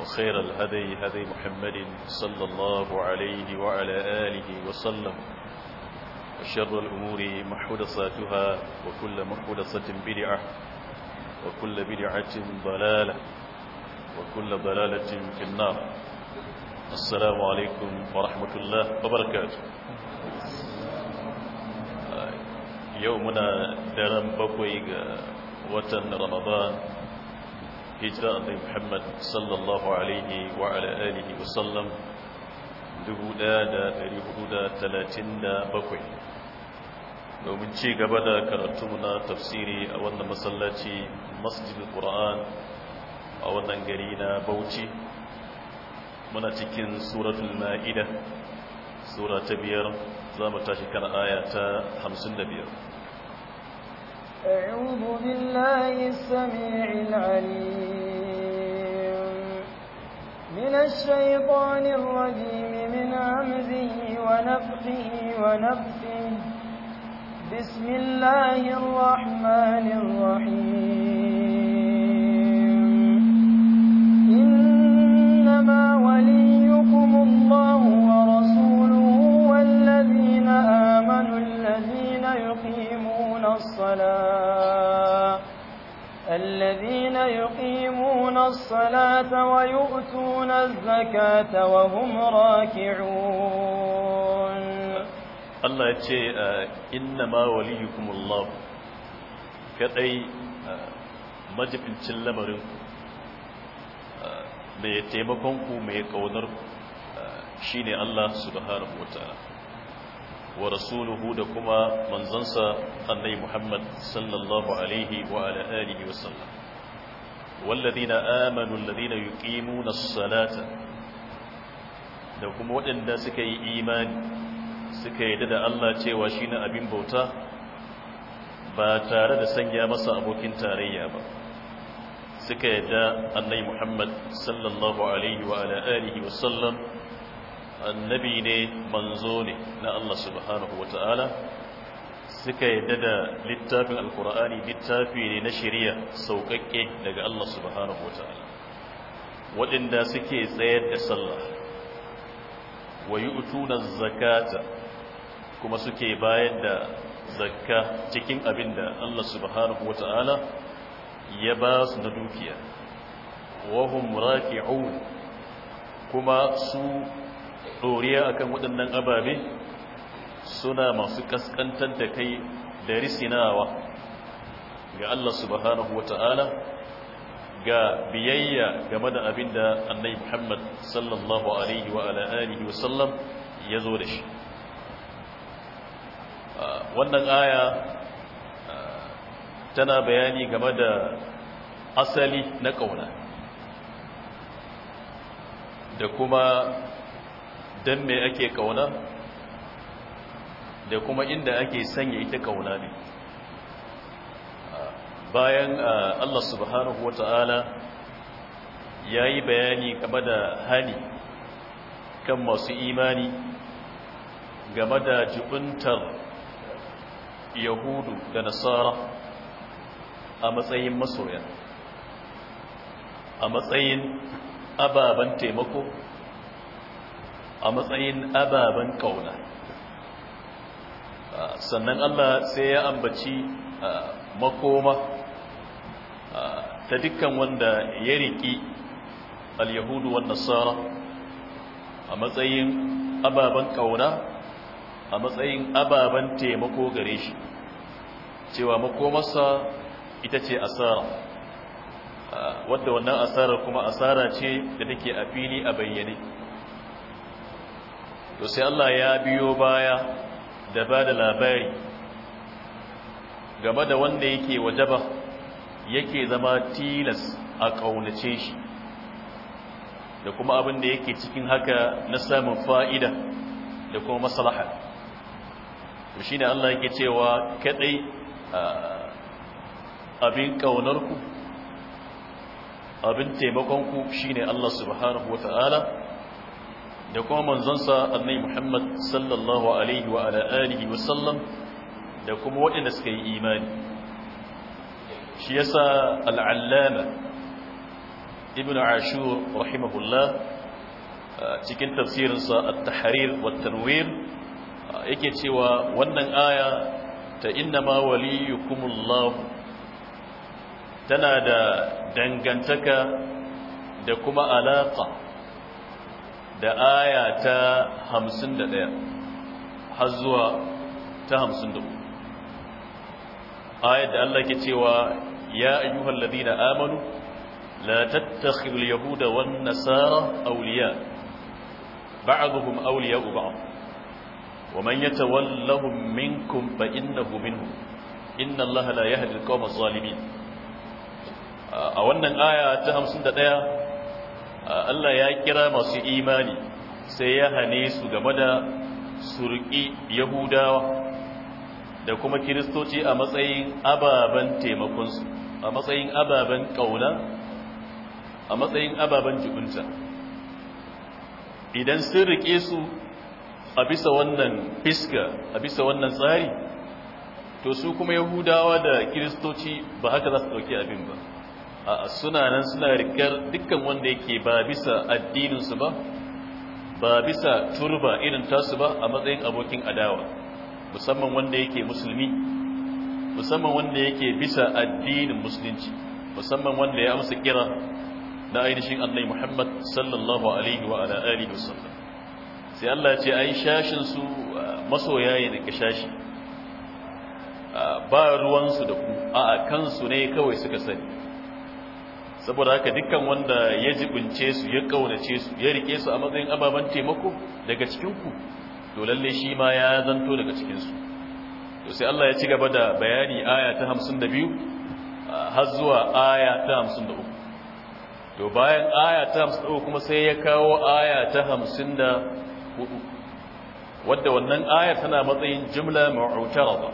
وخير الهدي هدي محمد صلى الله عليه وعلى آله وسلم وشر الأمور محدثاتها وكل محدثة بدعة وكل بدعة ضلالة وكل ضلالة في النار السلام عليكم ورحمة الله وبركاته يومنا درم بقوي وطن رمضان hijira annabi Muhammad sallallahu alaihi wa ala alihi wa sallam 1437 domin ci gaba da karatu na tafsiri a wannan masallaci masjidul Qur'an a wannan gari na Bauchi muna cikin suratul Ma'ida sura ta biyar za mu tashi kan aya ta 55 أعوذ بالله السميع العليم من الشيطان الرجيم من عمزه ونفخه ونفسه بسم الله الرحمن الرحيم الزكاة وهم راكعون الله يتشي إنما وليكم الله كأي مجب انتن لمرنكم mai taimakonku mai ƙaunarku ah, shi ne Allah subhanahu wa ta'ala wa rasuluhu da kuma manzansa annai Muhammad sallallahu alaihi wa والذين آمنوا الذين يقيمون الصلاة da kuma waɗanda suka yi imani suka yi da Allah cewa shi na abin bauta ba tare da sanya masa abokin tarayya ba suka da annai muhammad sallallahu alaihi wa ala'arihi wasallam annabi ne manzo ne na Allah subhanahu wa ta'ala suka yadda da littafin alkur'ani littafi ne na shirya sauƙaƙe daga Allah subhanahu wa ta'ala waɗanda suke tsayar da sallah wa zakata kuma suke bayar da zakka cikin abin da Allah subhanahu wata'ala ya ba su na dukiya wa hum raki'un kuma su doriya akan waɗannan ababe suna masu kaskantar da kai da risinawa ga Allah subhanahu wata'ala ga biyayya game da abin da annai muhammad sallallahu alaihi wa ala'arihi wasallam ya zo da shi wannan aya tana bayani game da asali na ƙauna da kuma don me ake ƙauna da kuma inda ake sanya ita ƙauna ne bayan ah, Allah subhanahu wata'ala ya yi bayani game da hani kan masu imani game da jubuntar yahudu da nasara a matsayin masoya a matsayin ababen taimako a matsayin ababen kauna ah, sannan Allah sai ya ambaci ah, makoma ta dukkan wanda ya riki al-yahudu wa nasara a matsayin ababan kauna a matsayin ababan taimako gare shi cewa makomarsa ita ce asara wadda wannan asarar kuma asara ce da take a fili a bayyane to sai Allah ya biyo baya da ba da labari game da wanda yake wajaba yake zama tilas a ƙaunace shi da kuma abin da yake cikin haka na samun fa'ida da kuma maslaha to shi ne Allah yake cewa kaɗai abin ƙaunarku abin taimakonku shi ne Allah subhanahu wa ta'ala da kuma manzansa annai Muhammad sallallahu Alaihi wa ala'alihi wasallam da kuma waɗanda suka yi imani shi yasa al'allama ibn ashur rahimahullah cikin tafsirinsa a tahrir wa yake cewa wannan aya ta innama waliyukumullah tana da dangantaka da kuma alaƙa da aya ta 51 har zuwa ta 53 ayat da Allah ke cewa يا أيها الذين آمنوا لا تتخذوا اليهود والنسارى أولياء بعضهم أولياء بعض ومن يتولهم منكم فإنه منهم إن الله لا يهدي القوم الظالمين أولا آية تهم سندة آية Allah ya kira masu imani sai ya hane su game da surki Yahudawa da kuma kiristoci a matsayin ababen taimakonsu a matsayin ababen ƙauna a matsayin ababen jibinta idan sun riƙe su a bisa wannan fiska a bisa wannan tsari to su kuma yahudawa da kiristoci ba haka za su ɗauki abin ba a suna nan suna rikar dukkan wanda yake ba bisa addininsu ba ba bisa turba irin tasu ba a matsayin abokin adawa musamman wanda yake musulmi musamman wanda yake bisa addinin musulunci musamman wanda ya amsa kira na ainihin annai muhammad sallallahu alaihi wa ala alihi wasallam sai Allah ce ai shashin su ah, masoya ne daga shashi ah, ba ruwansu da ku a kansu ne kawai suka sani saboda haka dukkan wanda ya jibince su ya kaunace su ya rike su a matsayin ababen taimako daga cikin ku to shi ma ya zanto daga cikinsu to sai Allah ya ci gaba da bayani aya ta 52 har zuwa aya ta 53 to bayan aya ta 53 kuma sai ya kawo aya ta 54 wadda wannan ayar tana matsayin jumla mu'tarada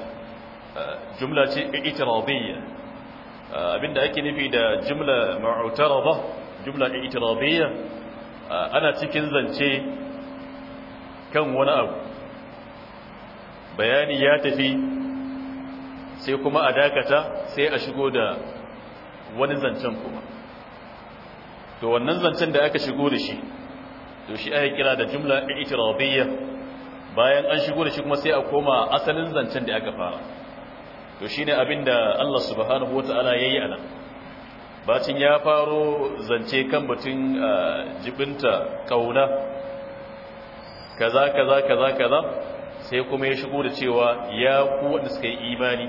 jumla ce itiradiyya abinda ake nufi da jumla mu'tarada jumla itiradiyya ana cikin zance kan wani abu bayani ya tafi sai kuma a dakata sai a shigo da wani zancen kuma to wannan zancen da aka shigo da shi to shi ake kira da jumla itirabiyya bayan an shigo da shi kuma sai a koma asalin zancen da aka fara to shine da Allah subhanahu wataala yayi anan bacin ya faro zance kan batun ah, jibinta kauna kaza kaza kaza kaza sai kuma ya shigo da cewa ya ku wanda suka yi imani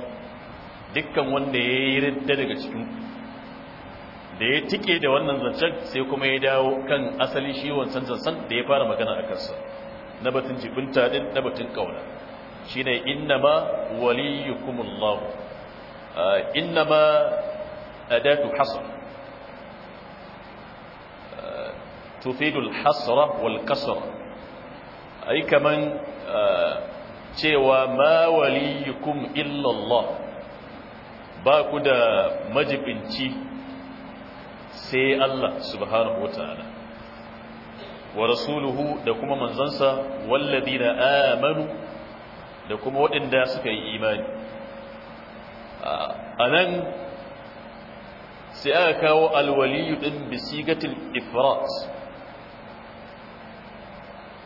dukkan wanda ya yi ridda daga cikin da ya tike da wannan zancen sai kuma ya dawo kan asalin shi wancan zancen da ya fara magana a kansa na batun jibinta din na batun kauna shine In waliyukumullahu innama adatu hasr tufidul hasra wal kasra ai kaman eh, cewa ma waliyukum illallah ba ku da majibinci sai Allah subhanahu wataala wa rasuluhu da kuma manzansa walladina amanu da kuma waɗanda suka yi imani a ah, nan sai aka kawo alwaliyu ɗin bisigatul ifrat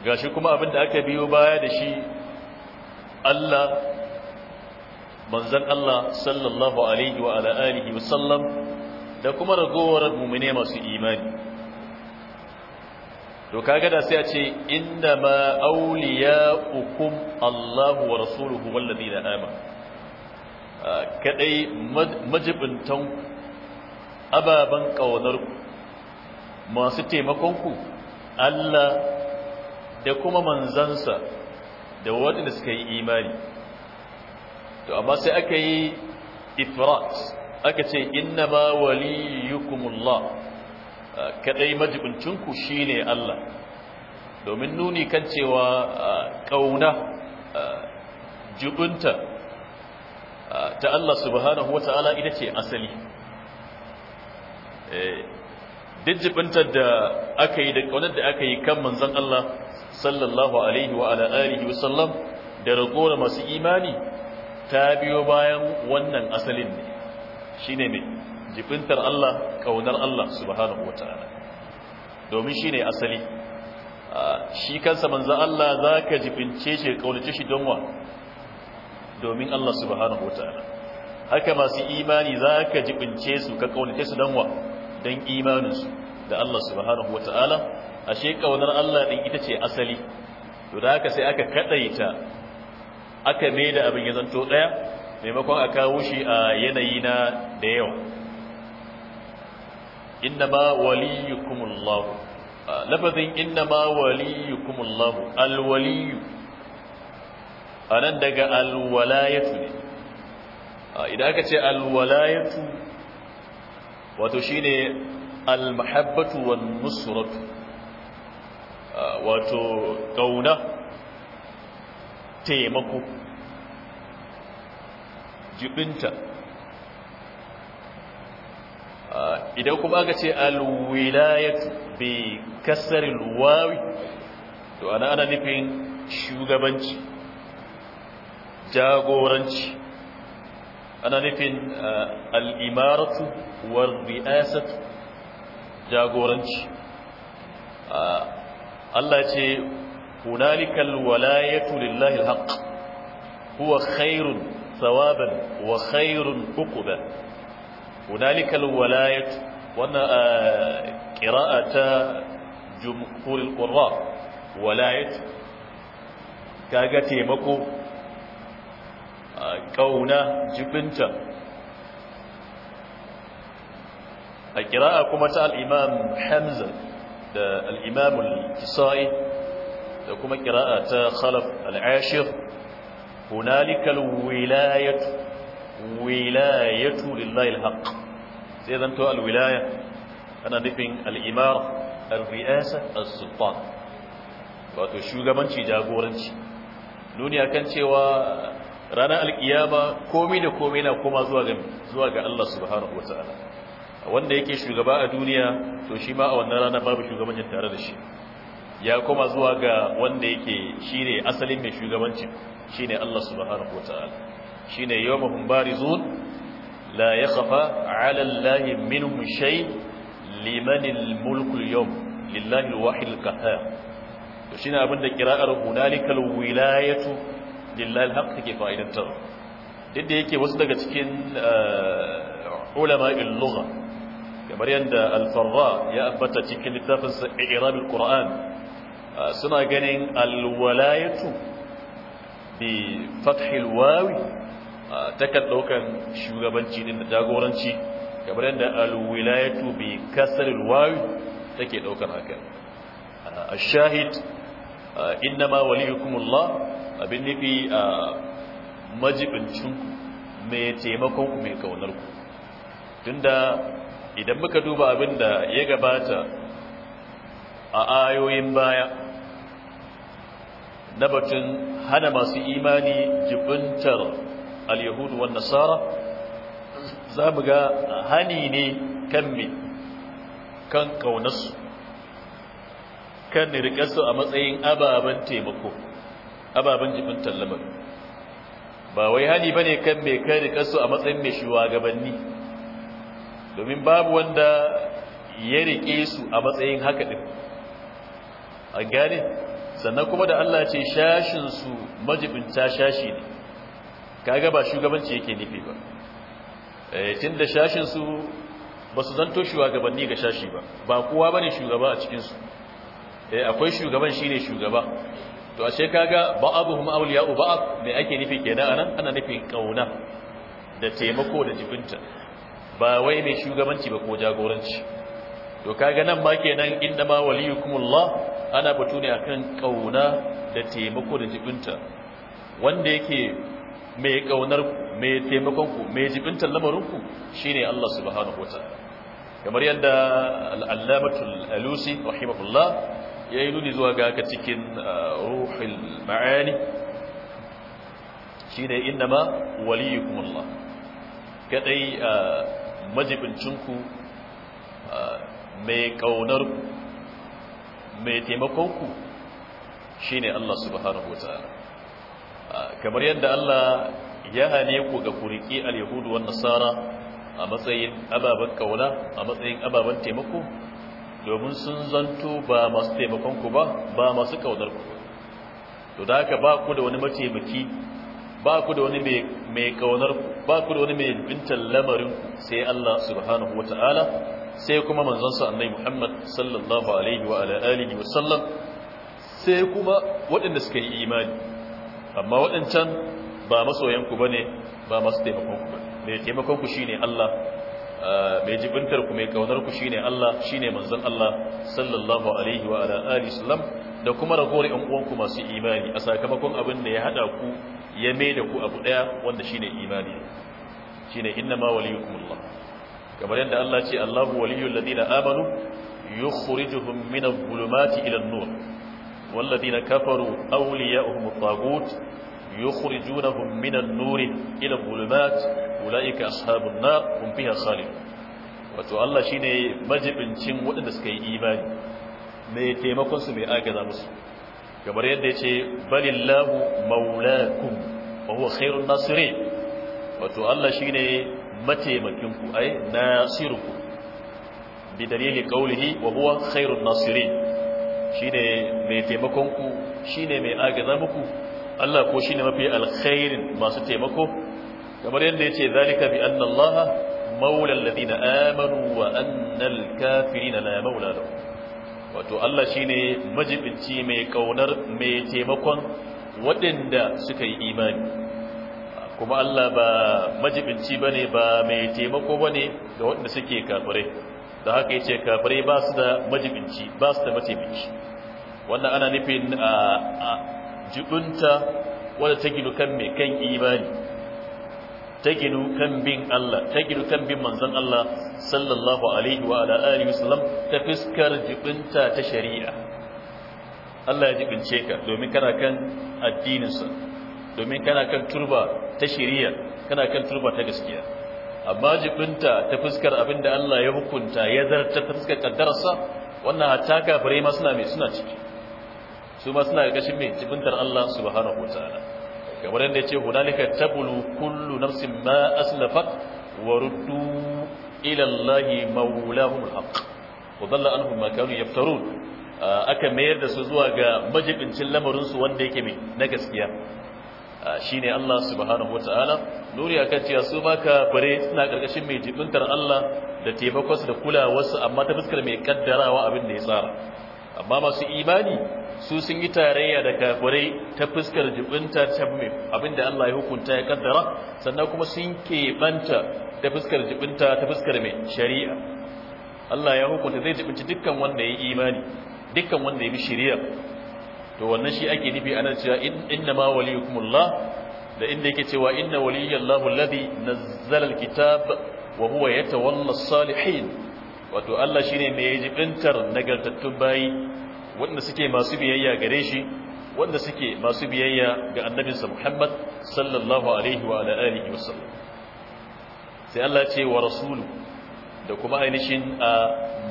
gashi kuma abin da aka biyo baya da shi Allah manzon Allah sallallahu alaihi wa ala alihi sallam da kuma ragowar mu'mine masu imani to gada da sai a ce inna ma hukum Allahu wa rasuluhu wal ladina amanu kadai majibintan ababan kaunar masu taimakonku Allah da kuma manzansa da waɗanda suka yi imani to amma sai aka yi ifrat aka ce inna ma waliyukumullah kadai majibincinku ne Allah domin nuni kan cewa ƙauna jubunta ta Allah subhanahu ta'ala ita ce asali eh, duk da aka yi da ƙaunar da aka yi kan manzan Allah sallallahu alaihi wa ala alihi wa sallam da ragowar masu imani ta biyo bayan wannan asalin ne shi ne jibintar Allah ƙaunar Allah subhanahu wataala domin shi ne asali shi kansa manzan Allah zaka jibince shi kaunace shi don wa domin Allah subhanahu wataala haka masu imani za zaka jibince su ka kaunace su donwa? don imaninsu da Allah subhanahu wata'ala ashe ƙaunar Allah ɗin ita ce asali to da haka sai aka kaɗaita aka da abin ya zanto ɗaya, maimakon a kawo shi a yanayi na da yawa innama waliyukumullahu lafazin innama waliyukumullahu alwaliyu nan daga alwalayatu ne idan aka ce alwalayatu wato shine al-mahabbatu ah, wato ƙauna taimako jibinta ah, idan kuma aka ce alwilayat bai kasarin wawi to ana ana nufin shugabanci jagoranci ana nufin ah, al'imaratu war ri'asat jagoranci Allah ce hunalikal walayatu lillahi alhaq huwa khairun thawaban wa khairun uquban hunalikal walayat wana qira'ata jumhur alqurra walayat kaga taimako ƙauna jibinta القراءة كما تعال إمام حمزة الإمام الكسائي كما قراءة خلف العاشر هنالك الولاية ولاية لله الحق إذا تو الولاية أنا نفين الإمارة الرئاسة السلطان فأتو شوغا منشي جاغورنشي نوني أكنشي ورانا القيامة كومين كومين وكما زواغم زواغ الله سبحانه وتعالى wanda yake shugaba a duniya to shi ma a wannan rana babu shugabancin tare da shi ya koma zuwa ga wanda yake ne asalin mai shugabancin ne Allah subhanahu wataala shine yawmahum barizun la yakhafa ala allahi minhum shay liman almulku alyawm lillahi alwahid alqahhar to shine abinda kira'ar hunalikal wilayatu lillahi alhaq take fa'idantar duk da yake wasu daga cikin eh, ulama'il lugha kamar yadda alfarra ya ambata cikin littafinsa irabin ƙura'an uh, suna ganin alwalayatu bi fathil wawi uh, takan ɗaukan shugabanci din da jagoranci kamar yadda alwilayatu bi kasarilwawi wawi take ɗaukan haka uh, a shahid innama waliyukumullah abin nufi a majibincinku mai taimakonku mai kaunarku tunda idan muka duba abin da ya gabata a ayoyin baya na batun hana masu imani jibintar al-yahudu wa nasara za mu ga hani ne kan me kan kaunarsu kan nirkasu a matsayin ababen taimako ababen jibintar lamarin ba wai hani ba ne kan mai kan nirkasu a matsayin mai shugabanni domin babu wanda ya riƙe su a matsayin haka din a gane sannan kuma da Allah ce shashinsu majibinta shashi ne kaga ba shugabanci yake nufi ba eh tunda shashin su ba su zanto shugabanni ga shashi ba ba kowa ne shugaba a cikinsu? Eh, akwai shugaban shi ne shugaba to a ashe kaga ba'abuhum awliya'u ba? me ake nufi kenan anan ana nufin kauna da taimako da jibinta ba wai mai shugabanci ba ko jagoranci to kaga nan ma kenan inda ma waliyukumullah ana batu ne akan kauna da taimako da jibinta wanda yake mai kaunar mai taimakon ku mai jibintar lamarin ku shine Allah subhanahu wataala kamar yadda al-allamatul alusi rahimahullah yayi nuni zuwa ga haka cikin uh, ruhul ma'ani shine inna ma waliyukumullah kadai uh, majibincinku mai kaunar mai taimakonku shi ne Allah subhanahu wa ta'ala kamar yadda Allah ya hane ku ga kuriki al-yahudu wa nasara a matsayin ababen ƙauna a matsayin ababen taimako domin sun zanto ba masu taimakonku ba ba masu ku. to da haka ba ku da wani mataimaki ba ku da wani mai kaunar ku ba ku da wani mai bintan lamarin ku sai Allah subhanahu wata'ala sai kuma manzonsa annai Muhammad sallallahu alaihi wa ala alihi wa sallam sai kuma waɗanda suka yi imani amma waɗancan ba masoyan ku bane ba masu taimakon ku bane mai taimakon ku shine Allah mai jibintar ku mai kaunar ku shine Allah shine manzon Allah sallallahu alaihi wa ala wa sallam da kuma ragowar ƴan uwanku masu imani a sakamakon abin da ya haɗa ku ya mai da ku abu daya wanda shine imani shine innama waliyukumullah kamar yadda Allah ce Allahu waliyul ladina amanu yukhrijuhum min dhulumati ila an-nur wal ladina kafaru awliya'uhum at-taghut yukhrijunahum min an ila dhulumat ulaika ashabun nar hum fiha khalidun wato Allah shine majibincin waɗanda suka yi imani mai taimakon su mai agaza musu kamar yadda ya ce balillahu maulakum wa huwa khairun nasirin wato Allah shine mataimakinku ai nasiruku bi dalili qawlihi wa huwa khairun nasirin shine mai taimakonku shine mai agaza muku Allah ko shine mafi alkhairin masu taimako kamar yadda yace zalika bi anna Allah maula alladhina amanu wa anna al na la maula lahum wato Allah shi ne majibinci mai kaunar mai taimakon waɗanda suka yi imani kuma Allah ba majibinci ba ba mai taimako bane ga waɗanda suke kafirai da haka ce kafirai ba su da majibinci ba su da mataimaki wannan ana nufin a jibinta wadda ta gidu kan mai kan imani ta ginu kan bin Allah ta ginu kan bin manzon Allah sallallahu alaihi wa ala ta fiskar jibinta ta shari'a Allah ya jibince ka domin kana kan addininsa domin kana kan turba ta shari'a kan turba ta gaskiya amma jibinta ta fuskar abinda Allah ya hukunta ya zarta ta fuskar kaddararsa wannan hatta kafirai ma suna mai suna ciki su ma suna ga kashin mai jibintar Allah subhanahu wataala kamar yadda ya ce hunalika tabulu kullu nafsin ma aslafat wa ruddu ila Allahi maulahum alhaq wa dalla anhum ma kanu yaftarun aka mayar da su zuwa ga majibincin lamarin su wanda yake na gaskiya shine Allah subhanahu wataala nuri akan cewa su baka bare suna karkashin mai jibintar Allah da taimakon su da kulawar su amma ta fuskar mai kaddarawa abin da ya tsara amma masu imani su sun yi tarayya da kafirai ta fuskar jibinta ta mai abinda Allah ya hukunta ya kaddara sannan kuma sun keɓanta ta fuskar jibinta ta fuskar mai shari'a Allah ya hukunta zai jibinci dukkan wanda ya imani dukkan wanda ya bi shari'a to wannan shi ake nufi ana cewa inna ma waliyukumullah da inda yake cewa inna waliyallahu alladhi nazzala alkitab wa huwa yatawalla as-salihin wato Allah shine mai jibintar nagartattun bayi wanda suke masu biyayya gare shi wanda suke masu biyayya ga annabinsa Muhammad sallallahu alaihi wa alihi wasallam sai Allah ce wa rasulu da kuma ainihin a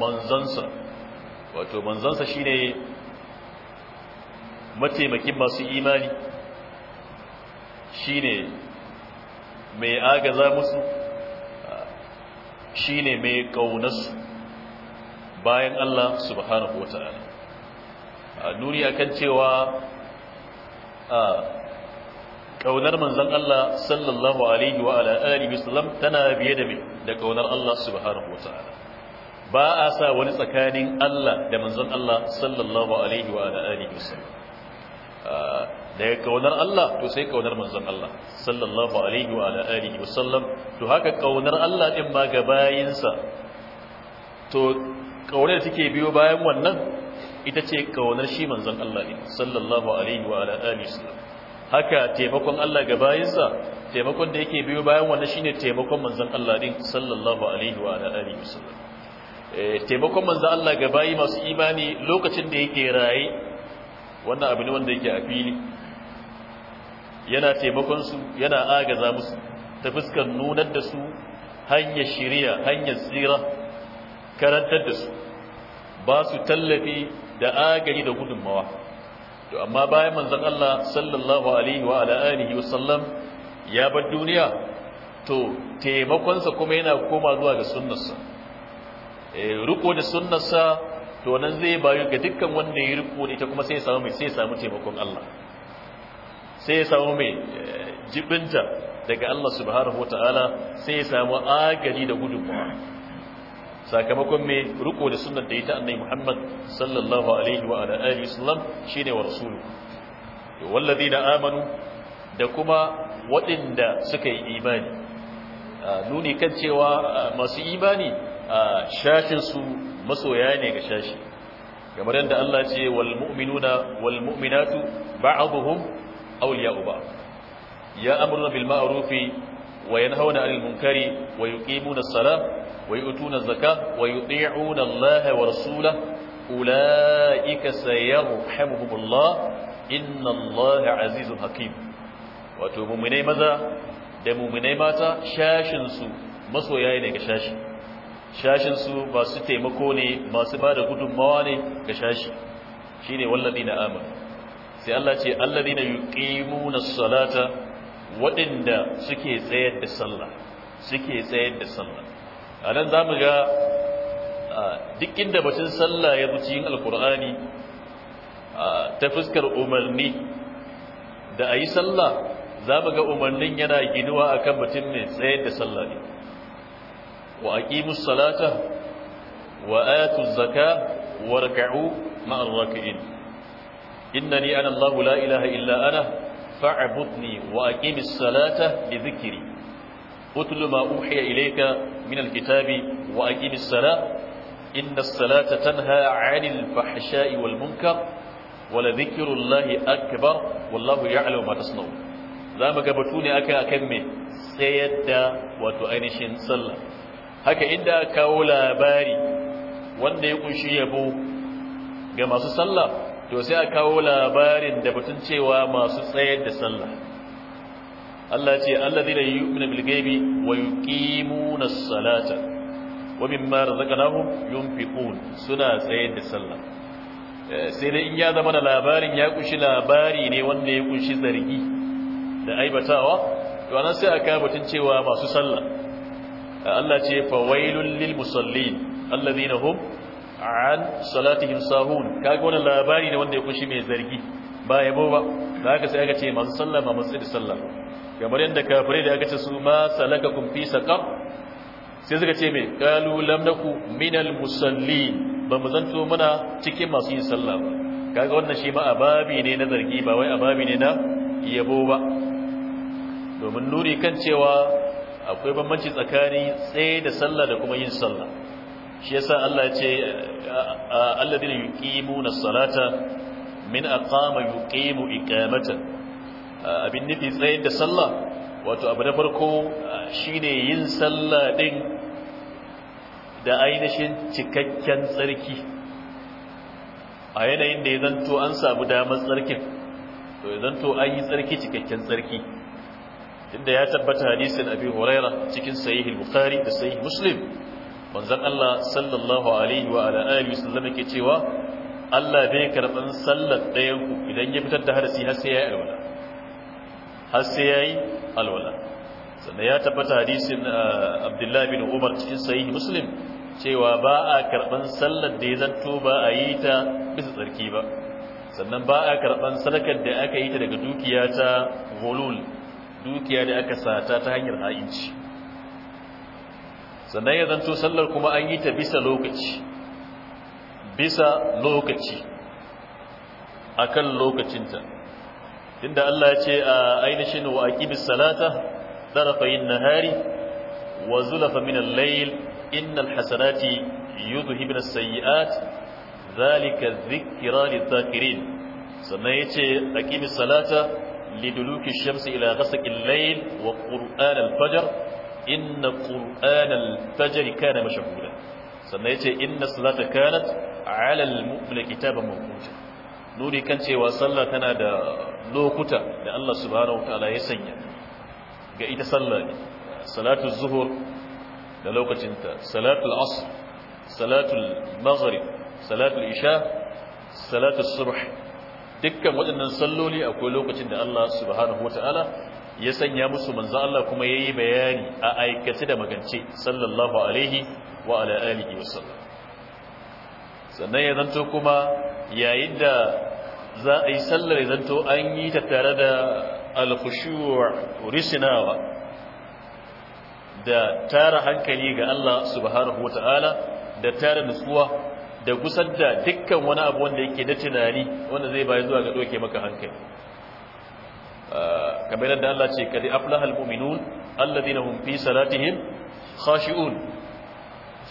manzansa wato manzansa shine mataimakin masu imani shine mai agaza musu shine mai kaunarsu bayan Allah subhanahu wataala nuni akan cewa kaunar manzon Allah sallallahu alaihi wa ala alihi wasallam tana biye da me da kaunar Allah subhanahu wataala ba a sa wani tsakanin Allah da manzon Allah sallallahu alaihi wa ala alihi wasallam daga kaunar Allah to sai kaunar manzon Allah sallallahu alaihi wa ala alihi wasallam to haka kaunar Allah din ma ga bayinsa to kaunar take biyo bayan wannan ita ce kaunar shi manzon Allah ne sallallahu alaihi wa ala alihi wasallam haka taimakon Allah ga bayinsa taimakon da yake biyo bayan wannan shine taimakon manzon Allah din sallallahu alaihi wa ala alihi wasallam eh, taimakon manzon Allah ga bayi masu imani lokacin da yake raye wannan abu ne wanda yake a fili yana taimakon su yana agaza musu ta fuskar nunar da su hanyar shiriya hanyar tsira karantar da su ba su tallafi da agari da gudunmawa to amma bayan manzon Allah sallallahu alaihi wa ala alihi wasallam ya bar duniya to taimakonsa kuma yana koma zuwa ga sunnarsa eh riko da sunnarsa to nan zai bayu ga dukkan wanda ya riko ita kuma sai ya samu sai ya samu taimakon Allah sai ya samu mai eh, jibinta daga Allah subhanahu wataala sai ya samu agari da gudunmawa sakamakon mai riko da sunan da ita annabi Muhammad sallallahu alaihi wa ala alihi wasallam shine wa rasulu to na amanu da kuma waɗanda suka yi imani nuni kan cewa masu imani shashin su masoya ne ga shashi kamar yadda Allah ce wal mu'minuna wal mu'minatu ba'dhum awliya'u ya amruna bil ma'rufi wa yanhauna 'anil munkari wa yuqimuna as-salata wa yu'tuna az-zakata wa wa rasulahu ulaika sayarhamuhumullah inna Allah 'azizun hakim wato mu'minai maza da mu'minai mata shashin su masoya ne ga shashi shashin su taimako ne masu bada gudunmawa ne ga shashi shine walladina amanu sai Allah ce alladina yuqimuna as-salata waɗanda suke tsayar da sallah suke tsayar da sallah a nan za mu ga duk inda batun sallah ya zuci yin alkur'ani ta fuskar umarni da a yi sallah za mu ga umarnin yana ginuwa a kan mutum mai tsayar da sallah ne wa salata wa zaka warka'u ma'ar Inna ni an Allahu la ilaha illa ana fa'budni wa aqimis salata bi dhikri utlu ma uhiya ilayka min alkitabi wa aqimis salata inna salata tanha 'anil fahsha'i wal munkar wa la dhikrullahi akbar wallahu ya'lamu ma zamu ga batu ne akan akan sayar da wato ainihin sallah haka inda kawo labari wanda ya kunshi yabo ga masu sallah to sai a kawo labarin da batun cewa masu tsayar da sallah Allah ce alladhina yu'minu bil ghaibi wa yuqimuna as-salata wa mimma razaqnahum yunfiqun suna tsayar da sallah eh, sai dai in ya zama da labarin ya kunshi labari ne wanda ya kunshi zargi da aibatawa to anan sai aka batun cewa masu sallah eh, Allah ce wailun lil musallin alladhina hum an salatihim sahun kaga wannan labari ne wanda ya kunshi mai zargi ba yabo ba da haka sai aka ce masu sallah masu da sallah kamar yanda kafire da aka ce su ma salakakum fi saqab sai suka ce mai qalu lam naku minal musalli ba mu zanto muna cikin masu yin sallah ba kaga wannan shi ma ababi ne na zargi ba wai ababi ne na yabo ba domin nuri kan cewa akwai bambanci tsakanin tsaye da sallah da kuma yin sallah shi yasa Allah ce alladhina yuqimuna as-salata min aqama yuqimu iqamatan abin nufi tsayar da sallah wato abu na farko shine yin sallah din da ainihin cikakken tsarki a yanayin da ya to an samu damar tsarkin to ya to an yi tsarki cikakken tsarki inda ya tabbata hadisin abi huraira cikin sahih bukhari da sahih muslim Wanzan Allah sallallahu alaihi wa alihi sallam ke cewa Allah bai karɓar sallar ɗayan idan ya fitar da harsi har sai yayi alwala har sai alwala sannan ya tabbata hadisin uh, Abdullah bin Umar cikin sahih Muslim cewa ba a karban sallar da ya zanto ba a yi ta bisa tsarki ba sannan ba a karɓar sadakar da aka yi ta daga dukiya ta volul dukiya da aka sata ta hanyar ha'inci sannan ya zanto sallar kuma an yi ta bisa lokaci bisa lokaci lokacinta inda Allah ya ce a ainihin wa aqimis salata tarafayin nahari wa zulafa min al-layl innal hasanati yudhhibun as-sayyi'at zalika dhikra lidh-dhakirin sannan yace aqimis salata liduluki ash-shamsi ila ghasaqi layl wa qur'an al-fajr inna qur'anal fajr kana mashhuda sannan yace inna salata kanat ala al-mu'mini kitaban mawquta nuri kan cewa sallah tana da lokuta da Allah subhanahu wataala ya sanya ga ita sallah ne salatu zuhur da lokacinta salatu al-asr salatu maghrib salatu isha salatu subh dukkan waɗannan salloli akwai lokacin da Allah subhanahu wataala ya sanya musu manzo Allah kuma yayi bayani a aikace da magance sallallahu alaihi wa ala alihi sannan ya zanto kuma yayin da za a yi sallar ya zanto an yi ta tare da alkhushuwa risinawa da tara hankali ga Allah subhanahu wataala da tara nutsuwa da gusar da dukkan wani abu wanda yake na tunani wanda zai bayar zuwa ga ɗauke maka hankali kamar da Allah ce kadi aflahal mu'minun alladhina hum fi salatihim khashi'un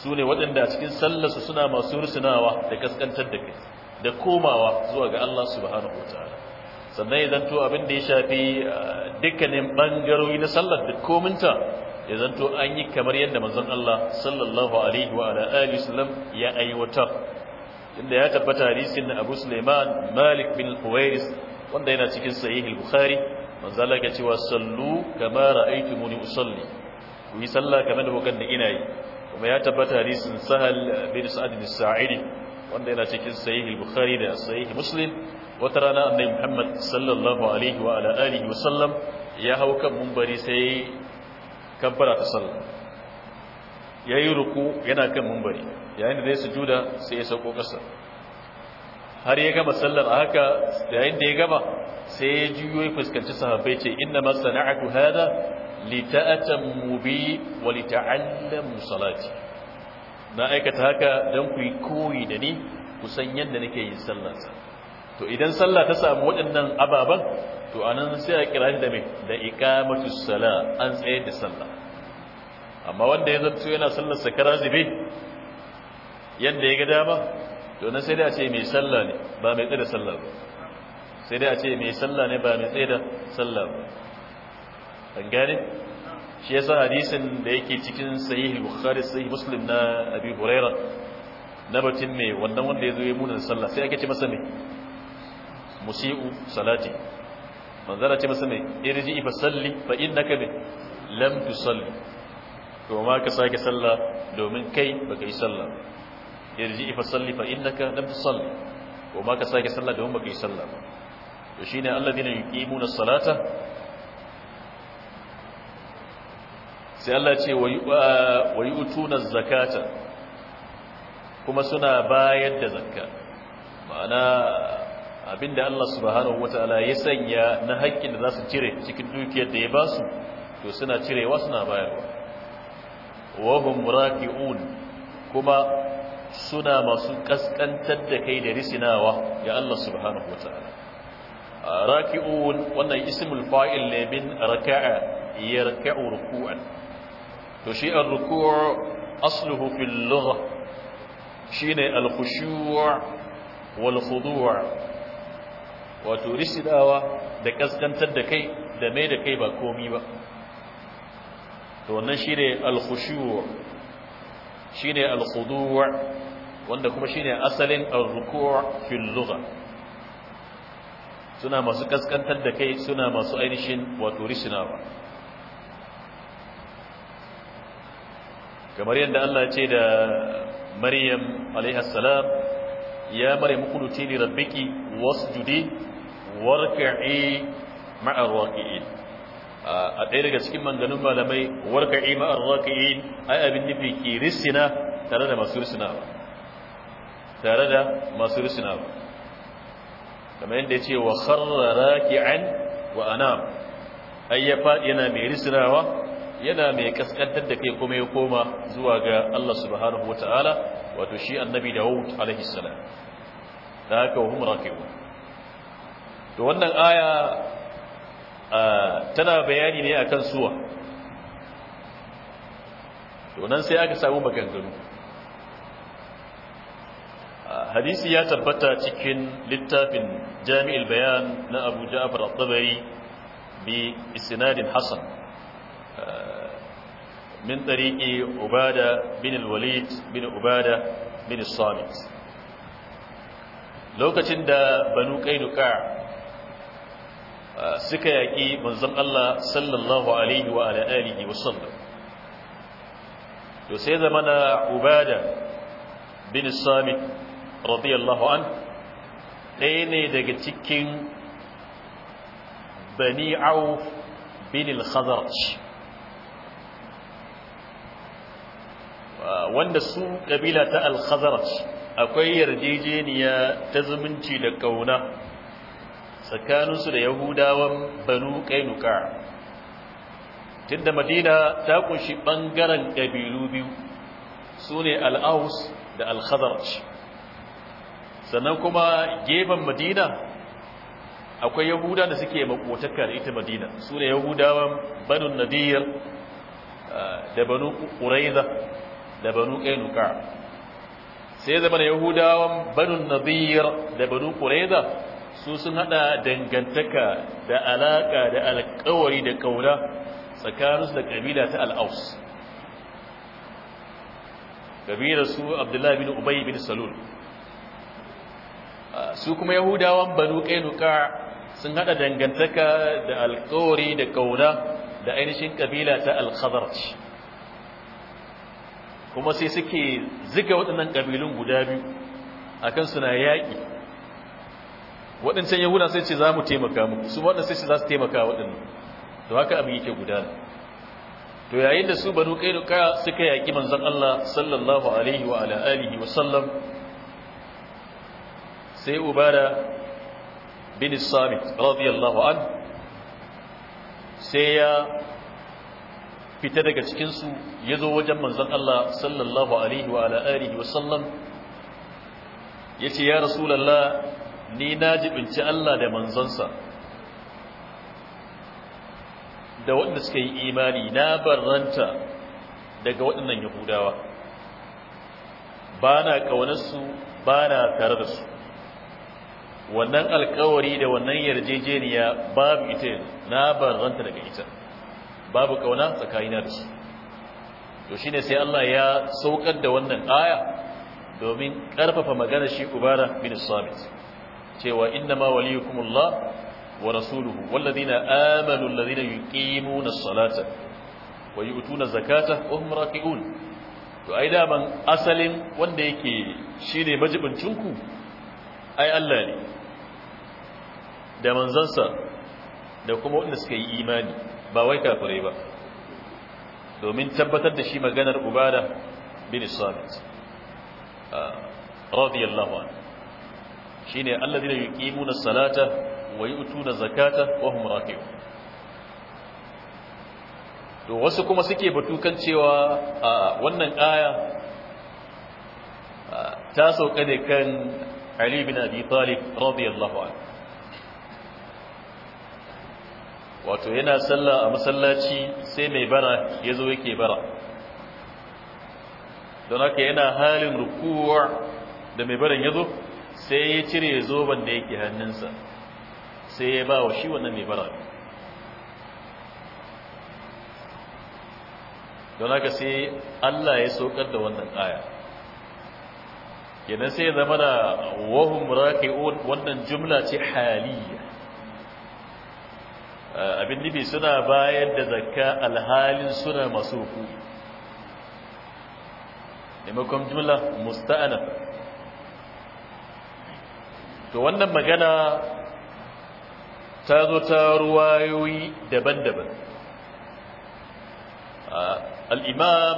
sune waɗanda cikin sallarsu suna masu rusunawa da kaskantar da kai da komawa zuwa ga Allah subhanahu wataala sannan idan to abin da ya shafi dukkanin bangarori na sallar da kominta ya zanto an yi kamar yadda manzon Allah sallallahu alaihi wa ala alihi wasallam ya aiwatar inda ya tabbata hadisin Abu Sulaiman Malik bin Huwais wanda yana cikin sahih al-bukhari manzo Allah ya ce wa sallu kama ra'aytumuni usalli ku yi sallah kamar da kuka ina yi kuma ya tabbata hadisin sahal bin sa'ad bin sa'idi wanda yana cikin sahih al-bukhari da sahih muslim wata rana annabi Muhammad sallallahu alaihi wa ala alihi wa sallam ya hau kan munbari sai kabbara ta sallah yayi ruku yana kan munbari yayin da zai sujuda sai ya sauko kasa har ya gama sallar a haka yayin da ya gama sai ya juyo ya fuskanci sahabbai ce inna ma sana'atu hada li ta'tammu bi wa li ta'allamu salati na aikata haka dan ku yi koyi da ni ku san yadda nake yin sallar sa to idan sallah ta samu waɗannan ababan to anan sai a kira da me da iqamatus sala an tsayar da sallah amma wanda ya zanto yana sallar sakara zube yadda ya ga dama to nan sai dai a ce mai sallah ne ba mai tsaye da sallah ba sai dai a ce mai sallah ne ba mai tsaye da sallah ba an gane shi yasa hadisin da yake cikin sahih bukhari sahih muslim na abi huraira na batun mai wannan wanda ya zo ya munan sallah sai ake ce masa mai musi'u salati manzara ce masa mai irji fa salli fa innaka bi lam tusalli to ma ka sake sallah domin kai baka yi sallah irji fa salli fa innaka lam tusalli ko ma ka sake sallah domin baka yi sallah ba to shine alladhina yuqimuna salata sai Allah ce wa yu'tuna zakata kuma suna bayar da zakka ma'ana abinda Allah subhanahu wataala ya sanya na haƙƙin da za su cire cikin dukiyar da ya ba su to suna cirewa suna bayarwa wahum raki'un kuma suna masu kaskantar da kai da risinawa ga Allah subhanahu wa ta'ala raki'un wannan ismul fa'il ne min raka'a yarka'u ruku'an to shi ar-ruku' asluhu fil lugha shine al-khushu' wal khudu' wato risinawa da kaskantar da kai da mai da kai ba komi ba to wannan shine al-khushu' shine al-khudu' wanda kuma shine asalin ar-ruku' fil lugha suna masu kaskantar da kai suna masu ainihin wato risinawa kamar yadda Allah ce da Maryam alaiha salam ya Maryam qunuti li rabbiki wasjudi warka'i ma'a raqi'in a ɗaya daga cikin manganun malamai warka'i ma'ar raki'in ai abin nufi ki risina tare da masu risina ba tare da masu risina ba kamar yadda ya ce wa kharra raki'an wa anam ai ya faɗi yana mai risinawa yana mai kaskantar da kai kuma ya koma zuwa ga Allah subhanahu ta'ala. wato shi annabi Dawud alaihi salam da haka wa hum raki'un to wannan aya tana bayani ne akan suwa to nan sai aka samu maganganu hadisi ya tabbata cikin littafin jami'il bayan na abu ja'far al-tabari bi isnadin Hassan. min tariqi ubada bin al-walid bin ubada bin samit lokacin da banu qainuqa suka yaƙi manzon Allah sallallahu alaihi wa alihi wa to sai zamana ubada bin samit radiyallahu an ɗaya ne daga cikin bani auf bin al wanda su ƙabila ta al-khazraj akwai yarjejeniya ta zumunci da ƙauna. tsakaninsu da yahudawan banu kainuka tunda madina ta kunshi ɓangaren ƙabilu biyu su ne al'aus da al-khazarci sannan kuma gefen madina akwai yahuda da suke makotakar ita madina su ne yahudawan banu nadir eh, da banu ƙuraiza da banu ƙainuka sai zama yahudawan banu nadir da banu ƙuraiza su sun hada dangantaka da alaka da alkawari da kauna tsakaninsu da kabila ta al'aus kabilar su abdullahi bin ubay bin salul ah, su kuma yahudawan banu kainuka sun hada dangantaka da alkawari da ƙauna da ainihin kabila ta al kuma sai suke ziga waɗannan ƙabilun guda biyu akan suna yaƙi waɗancan yahuda sai ce za mu taimaka muku su waɗanda sai ce za su taimaka waɗanda, to haka abin yake gudana to yayin da su banu kainuka suka yaƙi manzon Allah sallallahu alaihi wa ala alihi wa sallam sai ubada bin samit radiyallahu an sai ya fita daga cikinsu ya zo wajen manzon Allah sallallahu alaihi wa ala alihi wa sallam ya ce ya rasulallah ni na jibinci Allah da manzonsa da waɗanda suka yi imani na barranta daga waɗannan yahudawa ba na ƙaunarsu ba na tare da su wannan alkawari da wannan yarjejeniya babu ita na barranta daga ita babu ƙauna tsakanina da su to shine sai Allah ya saukar da wannan aya domin ƙarfafa magana shi ubara bin sabit cewa innama waliyukumullah wa rasuluhu walladhina amanu alladhina yuqimuna as-salata wa yu'tuna zakata wa hum raki'un to ai ban asalin wanda yake shine majibin ku ai Allah ne da manzansa da kuma wanda suka yi imani ba wai kafirai ba domin tabbatar da shi maganar ubada bin sabit ah, radiyallahu anhu shine alladhina yuqimuna salata wa na zakata wa hum to wasu kuma suke batukan cewa wannan aya ta sauka ne kan Ali bin Abi Talib radiyallahu anhu wato yana sallah a masallaci sai mai bara ya zo yake bara don haka yana halin rukuwa da mai baran ya zo sai ya cire zoban da yake hannunsa sai ya ba wa shi wannan mai don haka sai Allah ya saukar da wannan aya kenan sai ya zama da wahum raqi'un wannan jumla ce haliyya eh, abin nufi suna bayar da zakka alhalin suna masu hukumi maimakon jumla musta'anafa to wannan magana ta zo ta ruwayoyi daban-daban al'imam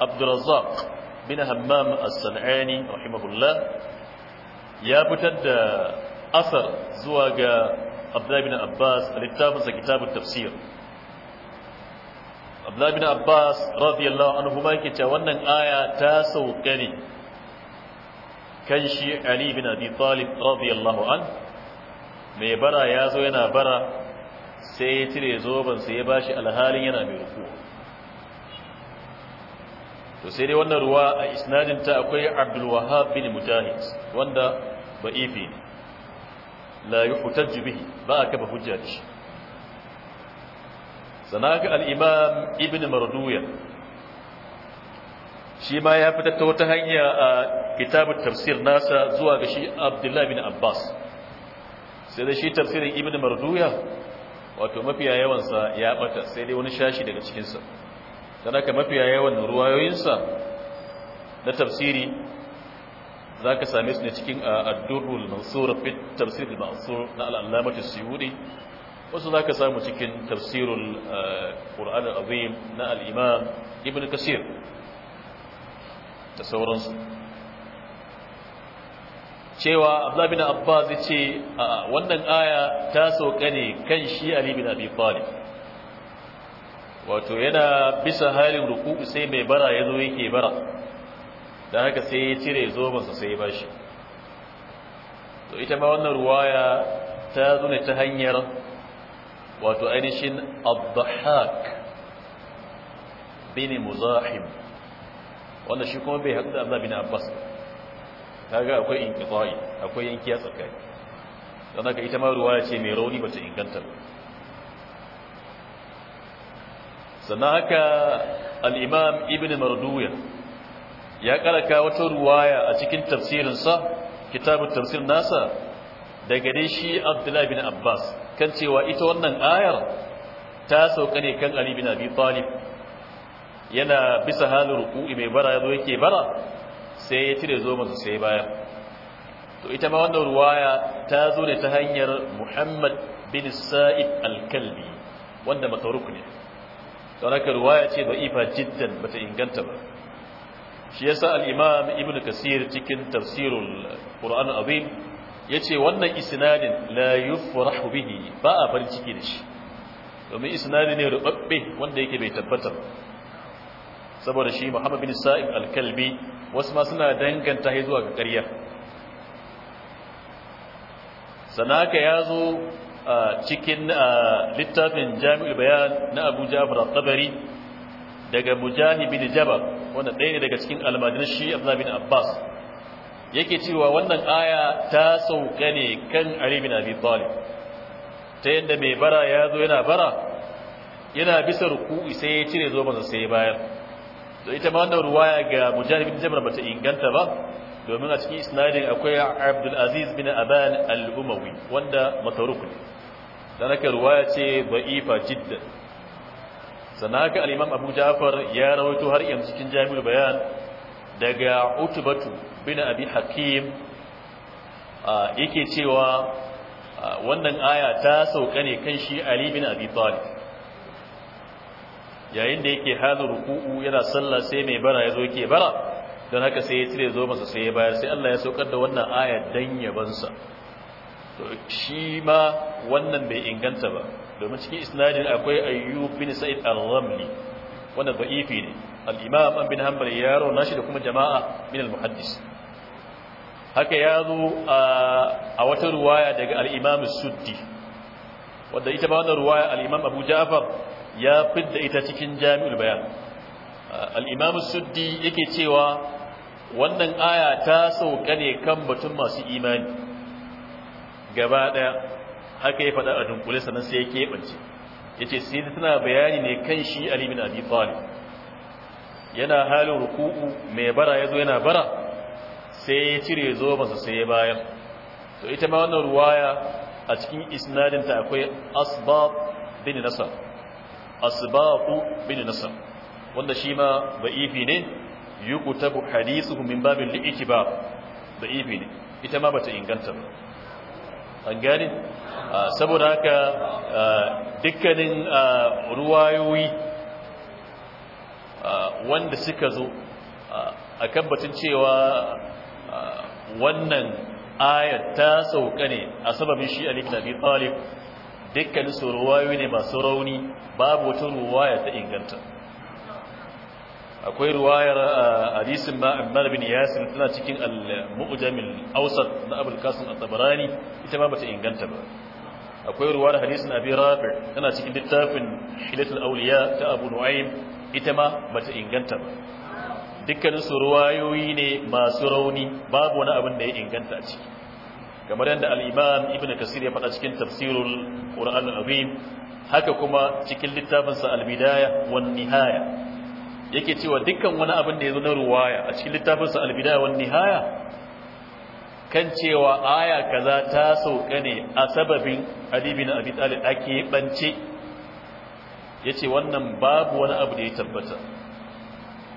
abdulazak bin hammam as-san'ani rahimahullah ya fitar da asar zuwa ga abdullahi bin abbas a littafinsa kitabun tafsir abdullahi abbas radiyallahu anhu ma ke wannan aya ta sauƙa ne kan shi Ali bin Abi Talib radiyallahu an mai bara ya zo yana bara sai ya cire sai ya bashi alhalin yana mai rufu to sai dai wannan ruwa a ta akwai Abdul Wahhab bin Mujahid wanda ba'ifi ne la yuhtaj bihi ba aka ba hujja shi sanaka al-Imam Ibn Marduya shi ma ya fitar ta wata hanya a kitabun tafsir nasa zuwa ga shi abdullahi bin abbas sai da shi tafsirin ibn marduya wato mafiya yawansa ya bata sai dai wani shashi daga cikinsa don haka mafiya yawan ruwayoyinsa na tafsiri za ka same su ne cikin addurul mansura fit tafsirul mansur na al'allamatu suyudi wasu za ka samu cikin tafsirul ƙur'an azim na al'imam ibn kasir da sauransu cewa abdullahi bin abbas ya ce wannan aya ta sauka ne kan shi ali bin abi wato yana bisa halin ruku'u sai mai bara ya zo yake bara da haka sai ya cire sa sai ya bashi to ita ma wannan ruwaya ta zo ne ta hanyar wato ainihin abdahak bin muzahim wanda shi kuma bai haɗu da abdullahi bin abbas ga akwai inqita'i akwai yankiya tsakani dan haka ita ma ruwaya ce mai rauni bata inganta ba sannan haka alimam ibn marduya ya karaka wata ruwaya a cikin tafsirin sa tafsir nasa daga dai shi abdullahi bin abbas kan cewa ita wannan ayar ta sauka ne kan ali bin abi talib yana bisa halin ruku'i mai bara yazo yake bara sai ya cire zo masa sai baya to ita ma wannan ruwaya ta zo ne ta hanyar Muhammad bin Sa'id al-Kalbi wanda mataruk ne don haka ruwaya ce ba jiddan bata inganta ba shi yasa al-Imam Ibn Kasir cikin tafsirul Qur'an ya yace wannan isnadin la yufrahu bihi ba a farin ciki da shi domin isnadi ne rubabbe wanda yake bai tabbatar. ba saboda shi muhammad bin Sa'id al-kalbi wasu ma suna danganta shi zuwa ga sanaka ya zo a cikin littafin jami'ul bayan na abu jafar al-tabari daga Mujani bin jabal wanda ɗaya ne daga cikin almadin shi abdullah bin abbas yake cewa wannan aya ta sauka ne kan ali bin talib ta yadda mai bara ya zo yana bara yana bisa ruku'i sai ya cire zobansa sai bayar da ita ma wannan ruwaya ga mujahid bin jabr bata inganta ba domin a cikin isnadin akwai abdul aziz bin aban al-umawi wanda mataruk ne dan haka ruwaya ce da'ifa jiddan sannan haka al-imam abu ja'far ya rawaito har yanzu cikin jami'ul bayan daga utbatu bin abi hakim yake cewa wannan aya ta sauka ne kan shi ali bin abi talib yayin da yake halin ruku'u yana sallah sai mai bara ya zo yake bara don haka sai ya cire zo masa sai ya bayar sai Allah ya saukar da wannan aya dan yabansa to shi ma wannan bai inganta ba domin cikin isnadin akwai ayyub bin sa'id ar-ramli wannan da'ifi ne al-imam ibn hanbal ya da kuma jama'a min al-muhaddis haka ya zo a wata ruwaya daga al-imam as-suddi wanda ita ba wannan ruwaya al-imam abu ja'far ya fidda ita cikin jami'ul bayan al-imam suddi yake cewa wannan aya ta sauka ne kan batun masu imani gaba ɗaya haka ya faɗa a dunkule sannan sai ya keɓance ya ce sai tana bayani ne kan shi ali bin abi yana halin ruku'u mai bara ya zo yana bara sai ya cire zo masa sai ya bayar to ita ma wannan ruwaya a cikin isnadinta akwai asbab bin nasar asbaqu bin nasr wanda shi ma da'ifi ne yuqtabu hadithuhu min babil li'tibar da'ifi ne ita ma bata inganta ba an ah, saboda haka ah, dukkanin ah, ruwayoyi wanda suka zo a kabbatin cewa wannan ayat ta sauka ne a sababin shi Ali da Abi Talib dukkanin su ruwayoyi ne masu rauni babu wata ruwaya ta inganta akwai ruwayar ah, hadisin annar bin yasin tana cikin al-mu'jamil awsat na abul qasim at-tabarani ita ma bata inganta ba akwai ruwayar hadisin abi rafi' tana cikin littafin hilatul awliya ta abu nu'aym ita ma bata inganta ba dukkanin su ruwayoyi ne masu rauni babu wani abin da ya inganta a ciki kamar yadda al-imam ibnu kasir ya faɗa cikin tafsirul qur'an al-azim haka kuma cikin littafinsa albidaya bidaya wan nihaya yake cewa dukkan wani abin da ya zo na ruwaya a cikin littafinsa albidaya bidaya wan nihaya kan cewa aya kaza ta sauka ne a sababin ali bin abi talib ake bance yace wannan babu wani abu da ya tabbata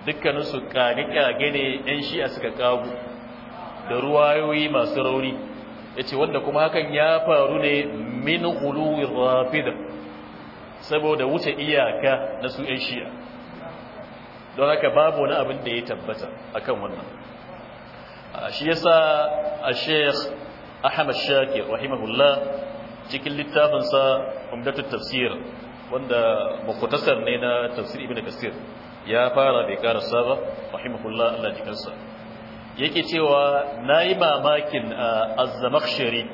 dukkaninsu kage-kage ne 'yan shi'a suka kagu da ruwayoyi masu rauni yace wanda kuma hakan ya faru ne min uluwi rafida saboda wuce iyaka na su ɗan shi'a don haka babu wani abin da ya tabbata akan wannan shi yasa a sheikh ahmad shakir rahimahullah cikin littafinsa umdatul tafsir wanda mukhtasar ne na tafsir ibn kasir ya fara bai karasa ba rahimahullah Allah jikansa yake cewa na yi mamakin a azzamakshari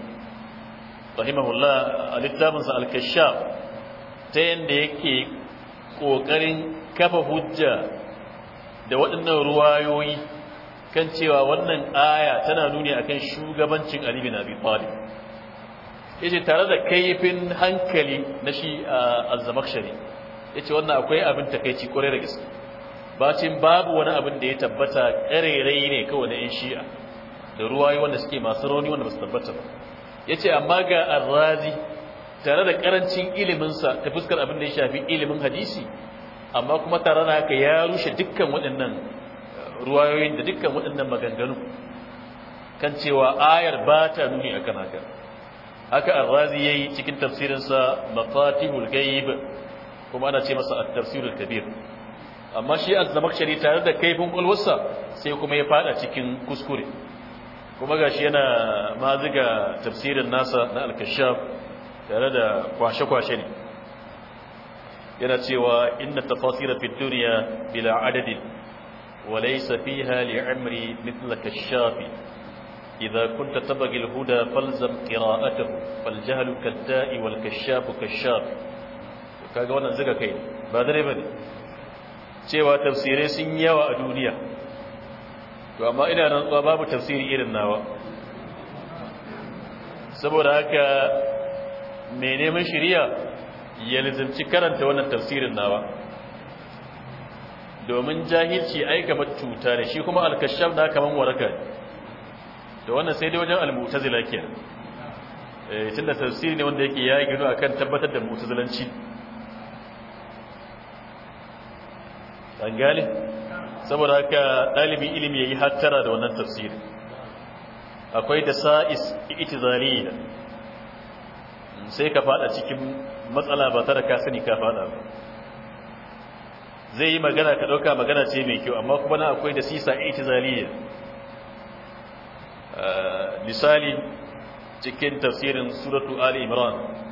rahimahullah a littafinsa alkashaf ta yadda yake ƙoƙarin kafa hujja da waɗannan ruwayoyi kan cewa wannan aya tana nuni kan shugabancin Ali bin bifali Talib yace tare da kaifin hankali na shi a azzamakshari yace wannan akwai abin takaici ƙwarai da gaske bacin babu wani abin da ya tabbata ƙarerai ne kawai na 'yan shi'a da ruwayi wanda suke masu rauni wanda ba su tabbata ba ya ce amma ga arrazi tare da ƙarancin iliminsa ta fuskar abin da ya shafi ilimin hadisi amma kuma tare da haka ya rushe dukkan waɗannan uh, ruwayoyin da dukkan waɗannan maganganu kan cewa ayar ba ta nuni akan haka haka arrazi ya yi cikin tafsirinsa mafatihul gaib kuma ana ce masa a tafsirul kabir amma shi az-zamakhshari tare da kaifin kwalwarsa sai kuma ya fada cikin kuskure kuma shi yana maziga tafsirin nasa na al tare da kwashe-kwashe ne yana cewa inna tafasira fi bila adadin wa laysa fiha li'amri mitla kashafi إذا كنت تبغي الهدى فالزم قراءته iwal kashafu والكشاف كالشاف kaga wannan zuga kai ba dare bane cewa tafsirai sun yawa a duniya to amma ina rantsuwa babu tafsiri irin nawa saboda haka mai neman shirya ya lizimci karanta wannan tafsirin nawa domin jahilci ai kamar da shi kuma alkashar na kamar waraka da wannan sai dai wajen almutazila kenan eh, tunda tafsiri ne wanda yake ya gino kan tabbatar da mutazilanci an gane saboda haka ɗalibi ilimi ya yi hattara da wannan tafsiri akwai da sa'is itizariya sai ka fada cikin matsala ba tare ka sani ka fada ba zai yi magana ka ɗauka magana ce mai kyau amma kuma na akwai da sisa itizariya eh, misali cikin tafsirin suratu ali imran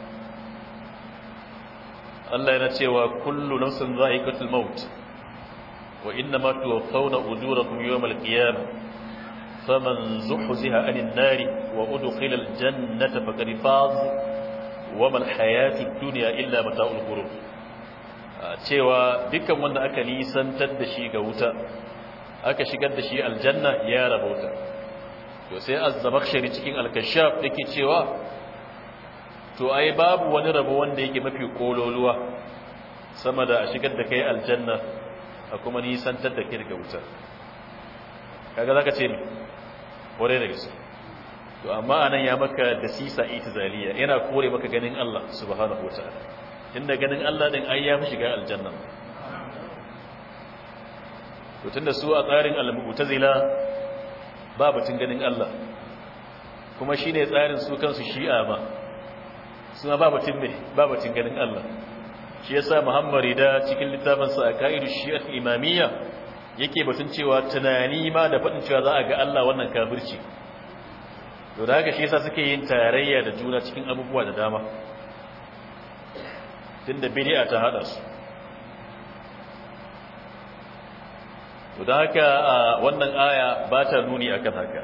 Allah yana cewa kullu nafsin za'iqatul maut وإنما توفون أجوركم يوم القيامة فمن زحزها عن النار وأدخل الجنة فقد فاز وما الحياة الدنيا إلا متاع الغرور cewa dukkan wanda aka nisantar da shi ga wuta aka shigar da shi aljanna ya rabauta to sai az-zamakhshari cikin al yake cewa to ai babu wani rabo wanda yake mafi kololuwa sama da a shigar da kai aljanna a kuma nisantar da ke daga wutar kaga za ka ce ne kore daga gaske to amma anan ya maka da sisa zaliya yana kore maka ganin Allah subhanahu wa ta'ala inda ganin Allah din ai ya fi shiga aljanna to tunda su a tsarin al-mu'tazila ba batun ganin Allah kuma shine tsarin su kansu shi'a ba suna ba batun me ba batun ganin Allah shi sa muhammad da cikin littafinsa a ka'idu shi'a imamiyya yake batun cewa tunani ma da faɗin cewa za a ga Allah wannan kafirci to da haka shi sa suke yin tarayya da juna cikin abubuwa da dama tunda a ta hada su to da haka wannan aya ba ta nuni akan haka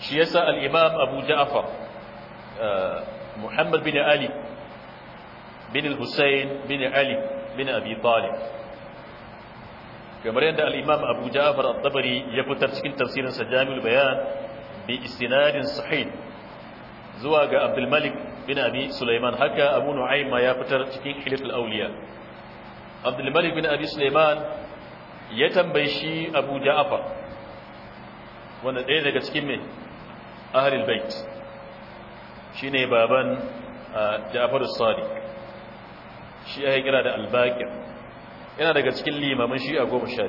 shi yasa al-imam Abu Ja'far Muhammad bin Ali bin al-Husayn bin Ali bin Abi Talib kamar yadda al-Imam Abu Ja'far al-Tabari ya fitar cikin tafsirin sa Jami'ul Bayan bi istinadin sahih zuwa ga Abdul Malik bin Abi Sulaiman haka Abu Nu'aym ya fitar cikin Hilatul Awliya Abdul Malik bin Abi Sulaiman ya tambaye shi Abu Ja'far wanda ɗaya daga cikin mai ahlul bait shine baban ah, Ja'far as-Sadiq shi ya kira da albaqir yana daga cikin limamin shi a goma sha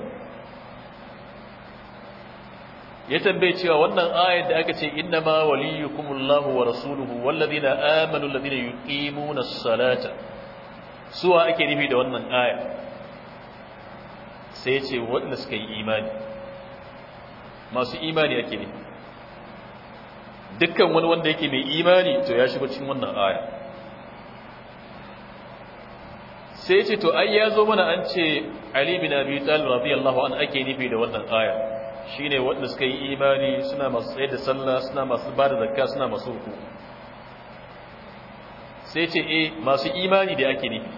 ya tambaye cewa wannan ayat da aka ce inna ma waliyukumullahu wa rasuluhu wallazina amanu na yuqimuna as-salata suwa ake nufi da wannan aya sai ce waɗanda suka yi imani masu imani ake nufi dukkan wani wanda yake mai imani to ya shiga cikin wannan aya sai ce to ai ya zo mana an ce Ali bin Abi Talib radiyallahu an ake nufi da wannan aya shine wanda suka yi imani suna masu sai da sallah suna masu ba da zakka suna masu ruku sai ce eh masu imani da ake nufi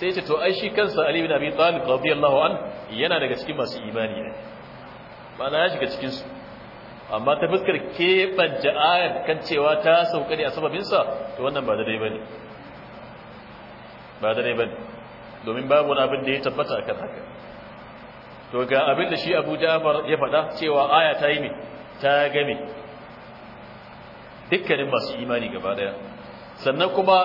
sai ce to ai shi kansa Ali bin Abi Talib radiyallahu an yana daga cikin masu imani ne ba ya shiga cikin su amma ta fuskar keɓance ayar kan cewa ta sauka ne a sababinsa to wannan ba daidai ba ne ba da ne ba domin babu wani abin da ya tabbata akan haka to ga abin da shi Abu Ja'far ya faɗa cewa aya ta yi ne ta game dukkanin masu imani gaba daya sannan kuma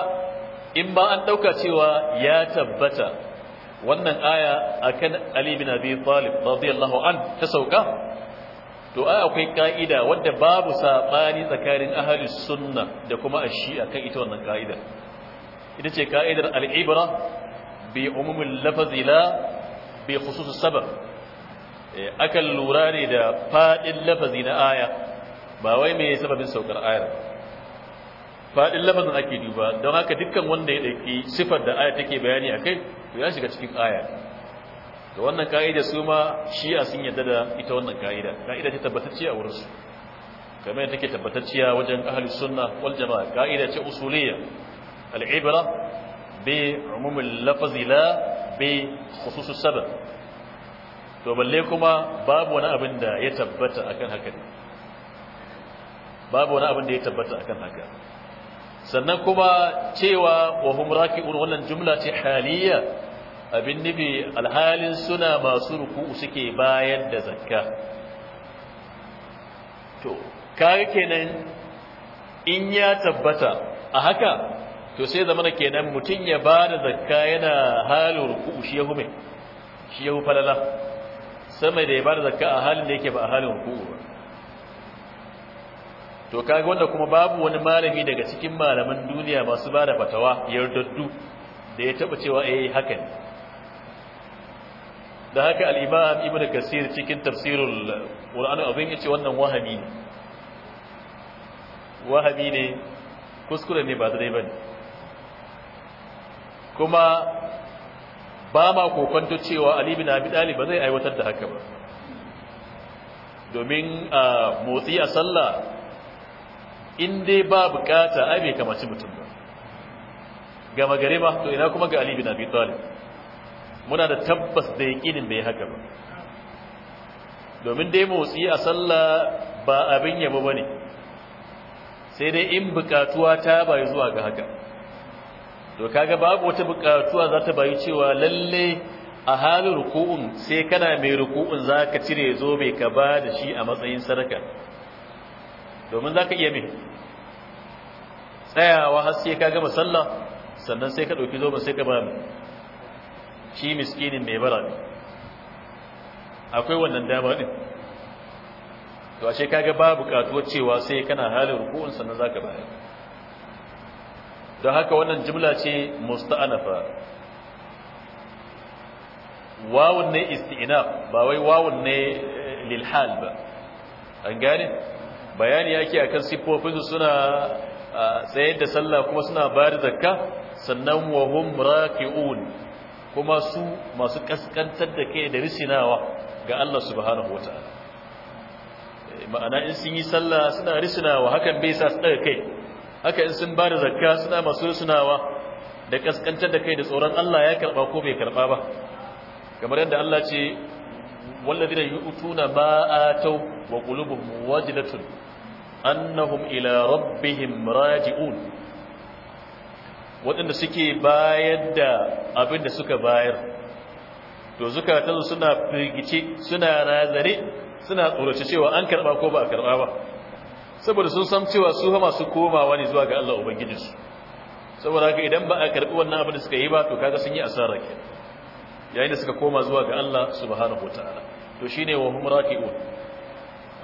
in ba an dauka cewa ya tabbata wannan aya akan Ali bin Abi Talib radiyallahu an ta sauka to ai akwai ka'ida wadda babu saɓani tsakanin ahalus sunna da kuma ash a kan ita wannan ka'ida ita ce ka'idar al'ibra bi umumin lafazi la bi khususus sabab eh, akan lura ne da fadin lafazi na aya ba wai mai sababin saukar ayar fadin lafazin ake duba don haka dukkan wanda ya ɗauki sifar da aya take bayani a kai to ya shiga cikin aya da wannan ka'ida su ma shi'a sun yadda da ita wannan ka'ida ka'ida ta tabbatacce a wurinsu kamar take tabbatacciya wajen ahalus sunna wal jama'a ka'ida ce usuliyya al'ibra bi umumin lafazi la bi khususu sabab to balle kuma babu wani abin da ya tabbata akan haka babu wani abin da ya tabbata akan haka sannan kuma cewa wa hum raki'un wannan jumla ce haliya abin nufi alhalin suna masu ruku'u suke bayar da zakka to kaga kenan in ya tabbata a haka to sai zama kenan mutum ya ba da zakka yana halin shi ya hume shi falala sama da ya ba da zakka a halin da yake ba a halin ruku'u ba to kaga wanda kuma babu wani malami daga cikin malaman duniya masu ba da fatawa yardaddu da ya taba cewa eh haka ne da haka al ibn ibnu kasir cikin tafsirul qur'an abin ya ce wannan wahami ne wahami ne kuskure ne ba dai bane kuma ba ma kokonto cewa Ali bin Abi Talib ba zai aiwatar da haka ba domin a motsi a sallah in dai ba bukata ai bai kamaci mutum ba ga magare ba to ina kuma ga Ali bin Abi Talib muna da tabbas da yakinin bai haka ba domin dai motsi a sallah ba abin yabo bane sai dai in bukatuwa ta bai zuwa ga haka to kaga babu wata buƙatuwa za ta bayi cewa lalle a halin ruku'un sai kana mai ruku'un za ka cire zo mai ka ba da shi a matsayin sadaka domin za ka iya mai tsayawa har sai ka gama sallah sannan sai ka ɗauki zo sai ka ba mai shi miskinin mai bara ne akwai wannan dama ɗin to a shekaga babu katuwa cewa sai kana halin ruku'un sannan za ka bayar don haka wannan jimla ce musta'anafa wawun ne isti'inaf ba wai wawun ne eh, lilhal ba an gane bayani yake akan siffofinsu suna tsayar da sallah kuma suna bayar zakka sannan wa hum raki'un kuma su masu kaskantar da kai da risinawa ga Allah subhanahu wataala eh, ma'ana in sun yi sallah suna risinawa hakan bai sa su daga kai haka in sun ba da zakka suna masu sunawa da kaskantar da kai da tsoron Allah ya karba ko bai karba ba kamar yadda Allah ce walladina yu'tuna ma ataw wa qulubuhum wajilatun annahum ila rabbihim raji'un waɗanda suke bayar da abin da suka bayar to zukatansu suna firgice suna razane, suna tsoro cewa an karba ko ba a karba ba saboda sun san cewa su fa masu komawa ne zuwa ga Allah ubangijinsu saboda haka idan ba a karbi wannan abin da suka yi ba to kaga sun yi asara ke yayin da suka koma zuwa ga Allah subhanahu wataala to shine wa hum raqiun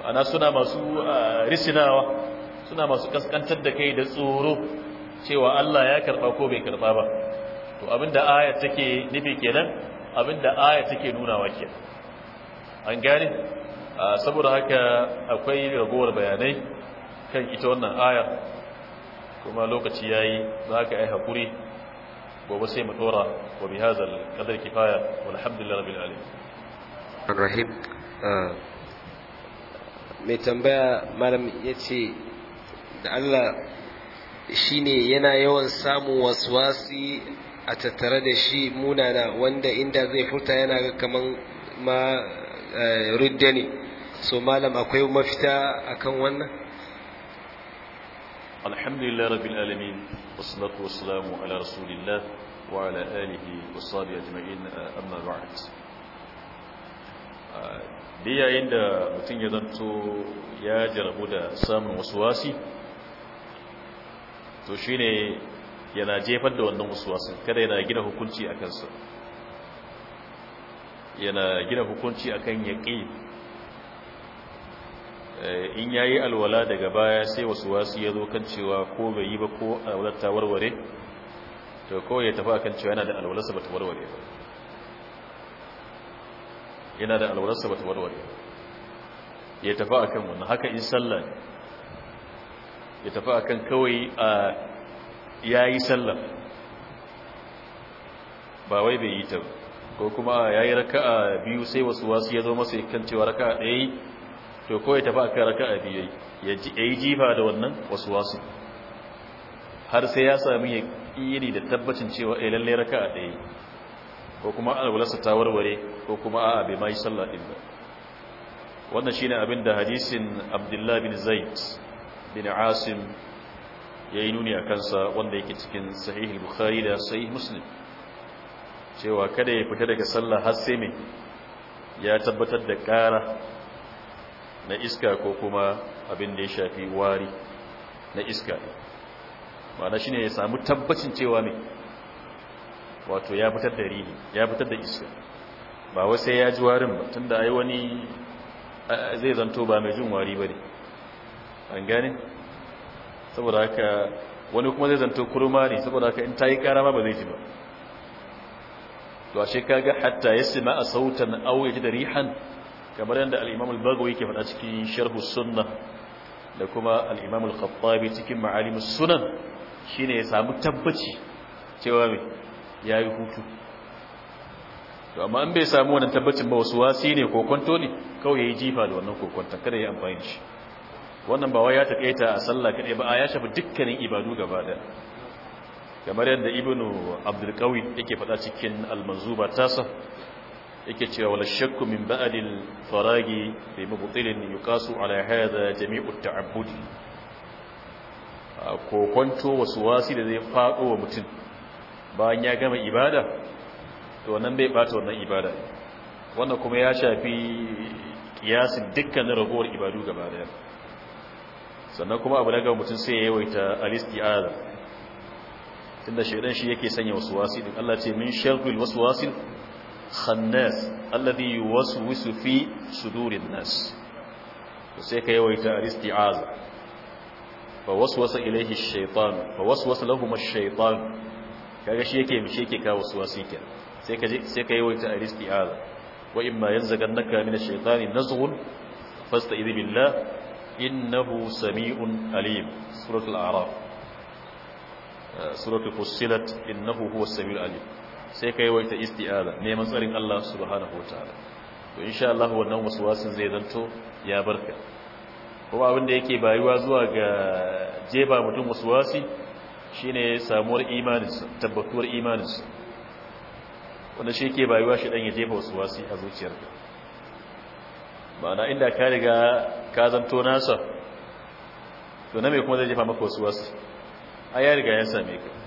ana suna masu ah, risinawa suna masu kaskantar da kai da tsoro cewa Allah ya karba ko bai karba ba to abinda aya take nufi kenan abinda aya take wa kenan an gane ah, saboda haka akwai ragowar bayanai kan ita wannan aya kuma lokaci yayi za ka yi hakuri gobe sai mu dora wa bi hazal qadar kifaya walhamdulillahi rabbil alamin arrahim ah, mai tambaya malam yace da Allah shine yana yawan samun waswasi a tattare da shi munana wanda inda zai furta yana ga kaman ma eh, ruddani so malam akwai mafita akan wannan الحمد لله رب العالمين والصلاة والسلام على رسول الله وعلى آله وصحبه أجمعين أما بعد da yayin da mutum ya zanto ya jarabu da samun wasu wasi to shi ne yana jefar da wannan wasu wasu kada yana gina hukunci a kansa yana gina hukunci a kan yaƙi Eh, in ya yi alwala daga baya sai wasu wasu ya zo kan cewa ko bai yi ba ko alwalar ta warware to kawai ya tafi akan cewa yana da alwalarsa ba ta warware ba yana da alwalarsa ba ta warware ya tafi akan wannan haka in sallah ya tafi akan kawai a ya yi sallah ba wai bai yi ta ko kuma ya yi raka'a biyu sai wasu wasu ya zo masa kan cewa raka'a ɗaya to kawai tafi a kai a biyu ya yi jifa da wannan wasu wasu har sai ya sami ya ƙiri da tabbacin cewa a eh, lalle a ɗaya ko kuma alwalarsa ta warware ko kuma a abin mai sallah ɗin ba wannan shi ne abin da hadisin abdullahi bin zaid bin asim ya yi nuni a kansa wanda yake cikin sahih bukhari da sahih muslim cewa kada ya fita daga sallah har sai mai ya tabbatar da ƙara na iska ko kuma abin da ya shafi wari na iska ma'ana shine ya samu tabbacin cewa ne wato ya fitar da rini ya fitar da iska ba wai sai ya ji warin ba tunda ai wani zai zanto ba mai jin wari ba ne. an gane saboda haka wani kuma zai zanto kurma ne saboda haka in ta yi ma ba zai ji ba to a shekaga hatta a sautan aw da rihan kamar yadda al-imam ke yake faɗa cikin sharhu sunna da kuma al-imam khattabi cikin ma'alim sunan ne ya samu tabbaci cewa me yi hutu to amma an bai samu wani tabbacin ba wasu wasi ne kokonto ne kawai yi jifa da wannan kokonta kada yayi amfani da shi wannan ba wai ya takaita a sallah kaɗai ba a ya shafi dukkanin ibadu gaba daya kamar yadda ibnu abdulkawi yake faɗa cikin al-manzuba tasa yake cewa wala shakku min ba'dil faragi bi mubtilin yuqasu ala hadha jami'u at Ko kwanto wasu wasi da zai fado wa mutum bayan ya gama ibada to nan bai bata wannan ibada wannan kuma ya shafi kiyasin dukkanin ragowar ibadu gaba daya sannan kuma abu na mutum sai ya yawaita al-isti'aza tunda shaidan shi yake sanya wasu wasi din Allah ce min wasu wasin. خناس الذي يوسوس في صدور الناس وسيك يويت الاستعاذة فوسوس إليه الشيطان فوسوس لهم الشيطان كاك شيكي مشيكي كاوسواسيك سيك يويت الاستعاذة وإما ينزغنك من الشيطان نزغ فاستئذ بالله إنه سميع عليم سورة الأعراف آه، سورة فصلت إنه هو السميع الأليم sai ka yawaita isti'aza neman tsarin Allah subhanahu wataala to insha Allah wannan waswasin zai zanto ya barka kuma abin da yake bayuwa zuwa ga jeba mutum waswasi shine samuwar imaninsa tabbatuwar imaninsa wanda shi yake bayuwa shi dan ya jeba waswasi a zuciyarka na inda ka riga ka zanto nasa to na me kuma zai jefa maka waswasi a ya riga ya same ka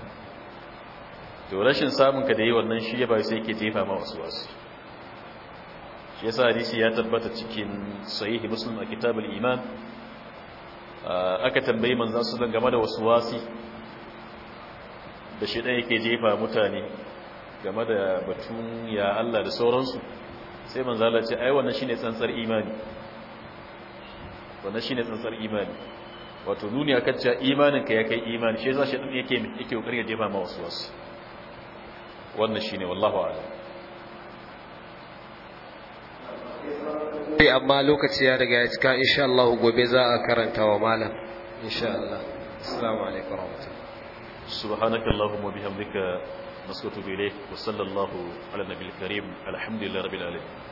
to rashin samun ka da yi wannan shi ya ba sai ke jefa ma wasu wasu shi yasa hadisi ya tabbata cikin sahihi muslim a kitabul iman aka tambayi manzon su game da wasu wasi da shi ɗaya yake jefa mutane game da batun ya Allah da sauransu sai manzala ce ai wannan shine tsantsar imani wannan shine tsantsar imani wato nuni akan cewa imanin ka ya kai imani shi yasa shi ɗin yake yake kokarin ya jefa ma wasu wasu wannan shine wallahu a'lam eh, amma lokaci ya riga ya cika insha Allah gobe za a karanta wa malam insha Allah assalamu alaikum warahmatullahi subhanakallahumma bihamdika نسكت إليه وصلى sallallahu على النبي الكريم الحمد لله رب العالمين